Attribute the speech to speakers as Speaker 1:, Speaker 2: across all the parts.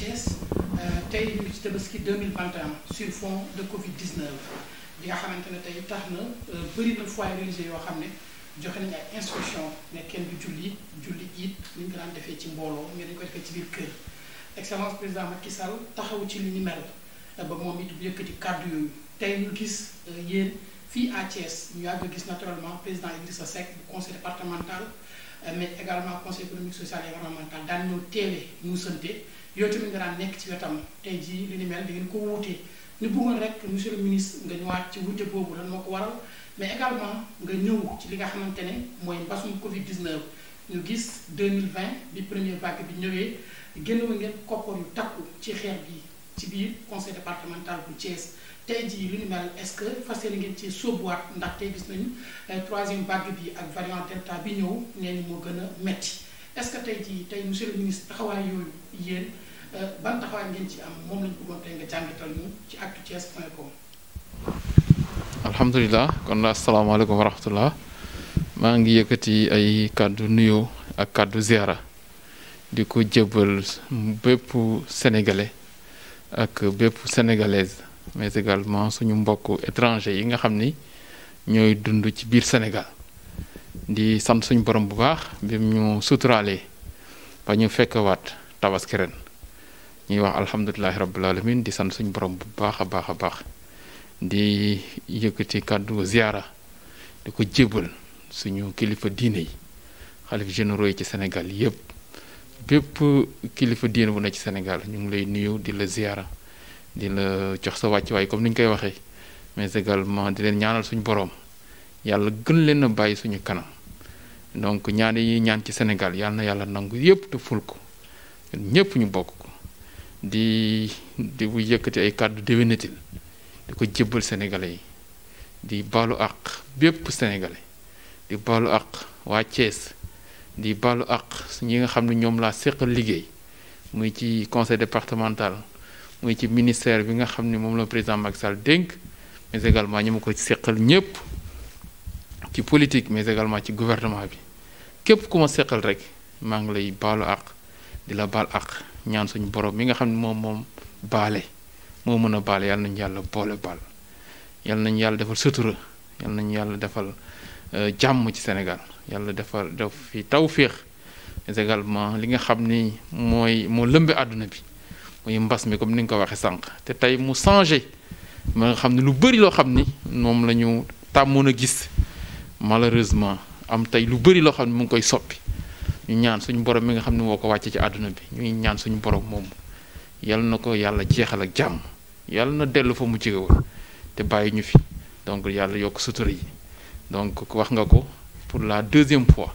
Speaker 1: Thiès euh, tey ñu ngi ci tabaski 2021 sur fond de Covid 19 bi nga xamante ne tey tax na euh, bëri na foyer religieux yoo xam ne joxe nañu ay instruction ne kenn du julli julli it ni ñu daan defee ci mbooloo mais dañu ko defee ci biir kër excellence président Macky Sall taxaw ci li ni mel euh, ba moom it bu yëkkati kàddu yooyu tey ñu gis yéen fii à Thiès ñu yàgg gis naturellement président Idrissa Seck bu conseil départemental mais également conseil économique social et environnemental daan ñëw yow tamit nga daan nekk ci wetam tey jii li ni mel da ngeen ko wuute ñu bëggoon rek monsieur ministre nga ñëwaat ci wuute boobu lan moo ko waral mais également nga ñëw ci li nga xamante ne mooy mbasum Covid 19 ñu gis 2020 bi premier vague bi ñëwee génnoon ngeen koppar yu takku ci xeer bi ci biir conseil départemental bu Thiès tey jii li ni mel est-ce que fas yéene ngeen ci sóobuwaat ndax tey gis nañu euh, troisième vague bi ak variant delta bi ñëw nee ni moo gën a metti est-ce que tey
Speaker 2: euh, alhamdulilah kon asalaamaaleykum wa rahmatullah maa ngi yëkkati ay kàddu nuyoo ak kàddu ziara di ko jébbal bépp sénégalais ak bépp sénégalaise mais également suñu mbokk étranger yi nga xam ni ñooy dund ci biir Sénégal. di sant suñ borom bu baax bim ñu suturaalee ba ñu fekkewaat tabaski ren ñuy wax alhamdulilahi rabbil alamin di sant suñu borom bu baax a baax a baax di yëkkati kàddu ziyaara di ko jébbal suñu kilifa diine yi xalif généraux yi ci Sénégal yépp bépp kilifa diine bu ne ci Sénégal ñu ngi lay nuyu di la ziyaara di la jox sa wàcc waay comme ni ñu koy waxee mais également di leen ñaanal suñu borom yàlla gën leen bàyyi suñu kanam donc ñaan yi ñaan ci Sénégal yàlla na yàlla nangu yépp te ful ko ñépp ñu bokk ko di di bu yëkkati ay kàddu déwénatil di ko jébbal sénégalais yi di baalu àq bépp sénégalais di baalu àq waa Thiès di baalu àq ñi nga xam ne ñoom laa séqal liggéey muy ci conseil départemental muy ci ministère bi nga xam ni moom la président Macky Sall dénk mais également ñi ma ko séqal ñépp ci politique mais également ci gouvernement bi képp ku ma seqal rek maa ngi lay baalu àq di la baal àq ñaan suñu borom mi nga xam ne moom moom baale moo mën a baale yàlla nañu yàlla boole baal yàlla nañu yàlla defal sutura yàlla nañu yàlla defal euh, jàmm ci Sénégal yàlla defal def fi tawféex mais également li nga xam ni mooy moo lëmbe àdduna bi muy mbas mi comme ni nga ko waxee sànq te tey mu changé ma nga xam ne lu bëri loo xam ni moom la ñu tàmmoon a gis malheureusement am tey lu bëri loo xam ne mu ngi koy soppi ñu ñaan suñu borom mi nga xam ne moo ko wàcce ci àdduna bi ñuy ñaan suñu borom moom yal na ko yàlla jeexal ak jàmm yàlla na dellu fa mu jóge te bàyyi ñu fi donc yàlla yokk sutura yi donc wax nga ko pour la deuxième fois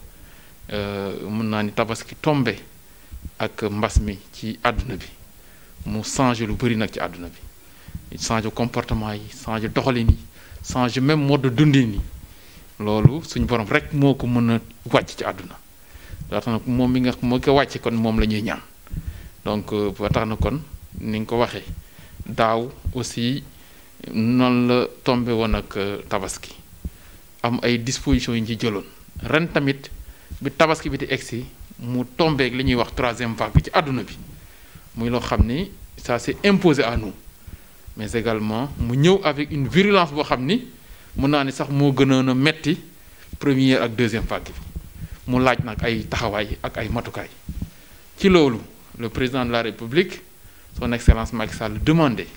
Speaker 2: euh, mën naa ni tabaski tombe ak mbas mi ci àdduna bi mu changé lu bëri nag ci àdduna bi changé comportement yi changé doxalin yi changé même mode dundin yi loolu suñu borom rek moo ko mën a wàcc ci àdduna daa nag moom mi nga moo ko wàcce kon moom la ñuy ñaan donc euh, ba na kon ni nga ko waxee daaw aussi noonu la tombé woon ak euh, tabaski am ay dispositions yu ñu jëloon ren tamit bi tabaski bi di si mu tombeek li ñuy wax troisième vague ci àdduna bi muy loo xam ni ça s'est imposé à nous mais également mu ñëw avec une virulence boo xam ni mën naa ni sax moo gënoon a metti première ak deuxième vague bi mu laaj nag ay taxawaay ak ay matukaay ci loolu le président de la république son excellence Macky Sall demandé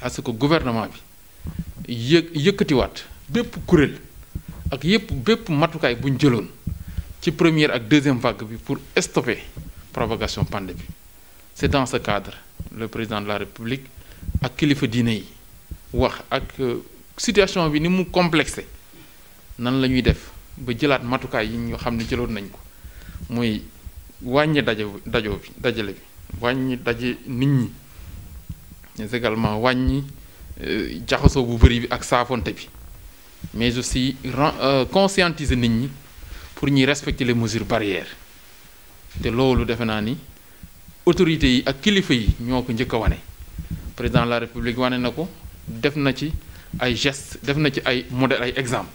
Speaker 2: à que gouvernement bi yë yëkkatiwaat bépp kuréel ak yépp bépp matukaay bu ñu jëloon ci première ak deuxième vague bi pour stopper propagation pandémie c'est dans ce cadre le président de la république ak kilifa diine yi wax ak. Euh, situation bi ni mu complexé nan la ñuy def ba jëlaat matukaay yi ñu xam ne jëloon nañ ko mooy wàññi daje dajoo bi dajale bi wàññi daje nit ñi mais également wàññi euh, jaxasoo bu bëri bi ak saafonte bi mais aussi ran euh, conscientiser nit ñi pour ñuy respecter les mesures barrières te loolu defe naa ni autorités yi ak kilifa yi ñoo ko njëkk a wane président de la république wane na ko def na ci ay gestes def na ci ay modèle ay exemple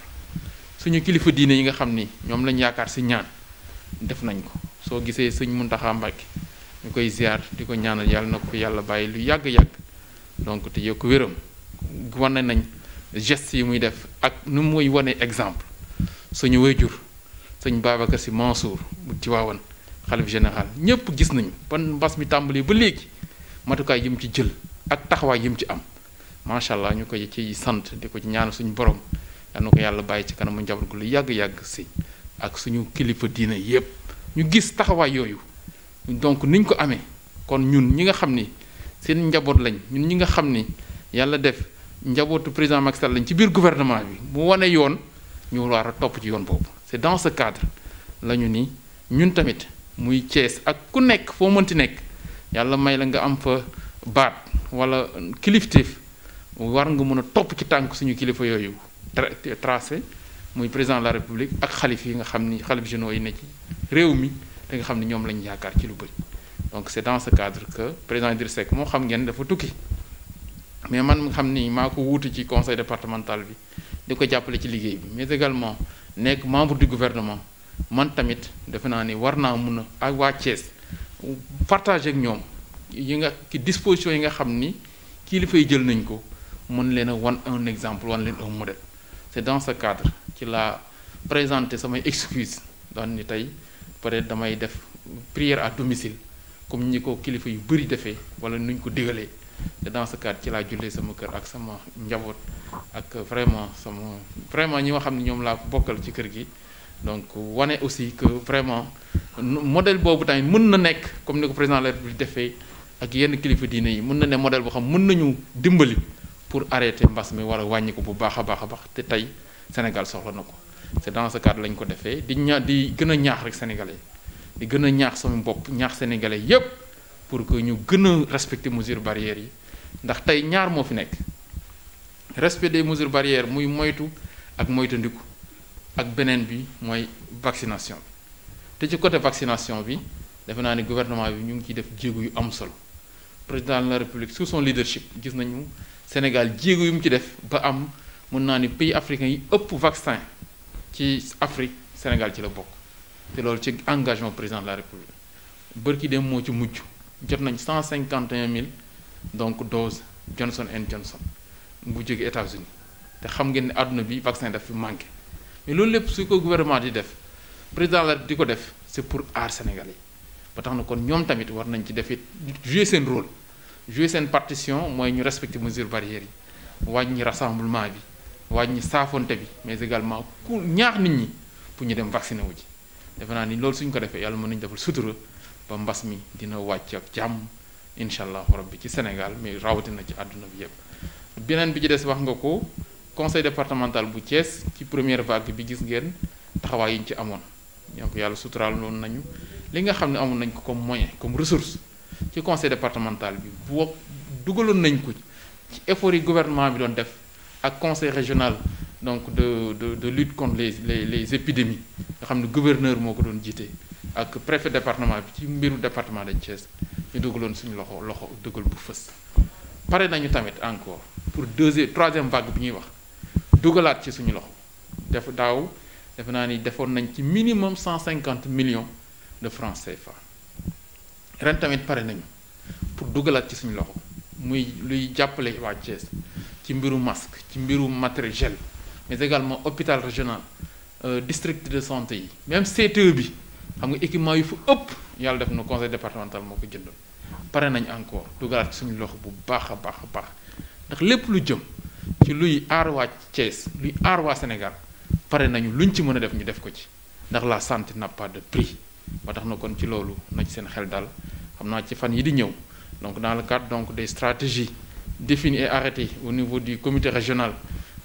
Speaker 2: suñu kilifa diine yi nga xam ni ñoom lañ yaakaar si ñaan def nañ ko soo gisee sëñ Muntaxa Mbàkke ñu koy ziar di ko ñaanal yàlla na ko yàlla bàyyi lu yàgg-yàgg donc te yokk wéram wane nañ gestes yi muy def ak nu muy wane exemple suñu wéjur sëñ Babacar Si Mansour bu Tiwaawan xalif général ñëpp gis nañu ban mbas mi tàmbali ba léegi matukaay yi ci jël ak taxawaay yi ci am macha allah ñu koy ci sant di ko ci ñaan suñu borom yal na ko yàlla bàyyi ci kanamu njaboot gu lu yàgg-yàgg si ak suñu kilifa diina yépp ñu gis taxawaay yooyu donc niñ ko amee kon ñun ñi nga xam ni seen njaboot lañ ñun ñi nga xam ni yàlla def njabootu président Macky Sall lañ ci biir gouvernement bi mu wane yoon ñu war a topp ci yoon boobu c'est dans ce cadre la ñu ni ñun tamit muy Thiès ak ku nekk foo mënti nekk yàlla may la nga am fa baat wala kilifteef war nga mën a topp ci tànk suñu kilifa yooyu tracé muy président de la république ak xalif yi nga xam ni xalif généraux yi ne ci réew mi te nga xam ni ñoom lañu yaakaar ci lu bëri donc c'est dans ce cadre que président Idriss Seck moo xam ngeen dafa tukki mais man nga xam ni maa ko wuutu ci conseil départemental bi di ko jàppale ci liggéey bi mais également nekk membre du gouvernement man tamit defe naa ni war naa mun a ak waa Thiès partager ak ñoom yi nga disposition yi nga xam ni kilifa yi jël nañ ko mën leen a wan un exemple wan leen un modèle c'est dans ce cadre ci laa présenté samay excuse daan ni tey peut-être damay def prière à domicile comme ñi ko kilifa yu bëri defee wala nuñ ko digalee te dans ce cadre ci laa jullee sama kër ak sama njaboot ak vraiment sama vraiment ñi nga xam ne ñoom laa bokkal ci kër gi donc wane aussi que vraiment modèle boobu tamit mën na nekk comme ni ko président de la defee ak yenn kilifa diine yi mën na ne modèle boo xam mën nañu dimbali pour arrêter mbas mi war a wàññi ko bu baax a baax a baax te tey Sénégal soxla na ko c'est dans ce cadre lañ ko defee di ña di gën a ñaax rek sénégalais di gën a ñaax sama bopp ñaax sénégalais yépp pour que ñu gën a respecter mesures barrières yi ndax tey ñaar moo fi nekk respect des mesures barrières muy moytu ak moytandiku ak beneen bi mooy vaccination bi te ci côté vaccination bi defe naa ni gouvernement bi ñu ngi ciy def jéego yu am solo président de la république sous son leadership gis nañu. Sénégal jéego yu mu ci def ba am mun naa ni pays africain yi ëpp vaccin ci Afrique Sénégal ci la bokk te loolu ci engagement président de la République bërki dem moo ci mujj jot nañ cent cinquante et un mille donc dose Johnson and Johnson bu jóge États-Unis te xam ngeen ne àdduna bi vaccin daf fi manqué mais loolu lépp su ko gouvernement di def président la di ko def c'est pour aar Sénégal yi ba tax na kon ñoom tamit war nañ ci def it jouer seen rôle jouer seen partition mooy ñu respecter mesures barrières yi wàññi rassemblement bi wàññi saafonte bi mais également ku ñaax nit ñi pour ñu dem vacciner wu ji defe naa ni loolu suñ ko defee yàlla mën nañu defal sutura ba mbas mi dina wàcc ak jàmm incha allahu rabbi ci Sénégal mais rawatina ci àdduna bi yépp beneen bi ci des wax nga ko conseil départemental bu Thiès ci première vague bi gis ngeen taxawaay yi ñu ci amoon donc yàlla suturaal loon nañu li nga xam ne amoon nañ ko comme moyen comme ressource ci conseil départemental bi boo dugaloon nañ ko ci effort yi gouvernement bi doon def ak conseil régional donc de de de lutte contre les les les épidémies nga xam ne gouverneur moo ko doon jiite ak préfet département bi ci mbiru département de Thiès ñu dugaloon suñu loxo loxo dugal bu fës. pare nañu tamit encore pour deuxième troisième vague bi ñuy wax dugalaat ci suñu loxo def daaw defe naa ni defoon nañ ci minimum cent cinquante million de francs CFA. ren tamit pare nañu pour dugalaat ci suñu loxo muy luy jàppale waa Thiès ci mbiru masque ci mbiru matériel gel mais également hôpital régional euh, district de santé yi même CTE bi xam nga équipement yu fu ëpp yàlla def na conseil départemental moo ko jënd pare nañ encore dugalaat ci suñu loxo bu baax a baax a baax ndax lépp lu jëm ci luy aar waa Thiès luy aar waa Sénégal pare nañu luñ ci mën a def ñu def ko ci ndax la santé n'a de prix ba tax na kon ci loolu na ci seen xel dal xam naa ci fan yi di ñëw donc dans le cadre donc des stratégies définies et arrêtées au niveau du commité régionale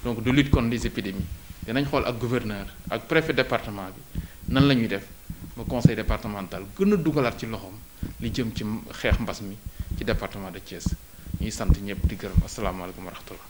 Speaker 2: donc de lutte contre les épidémies dinañ xool ak gouverneur ak préfet département bi nan la ñuy def ba conseil départemental gën dugalaat ci loxoom li jëm ci xeex mbas mi ci département de Thiès ñuy sant ñëpp di gërëm asalaamaaleykum wa rahmatullah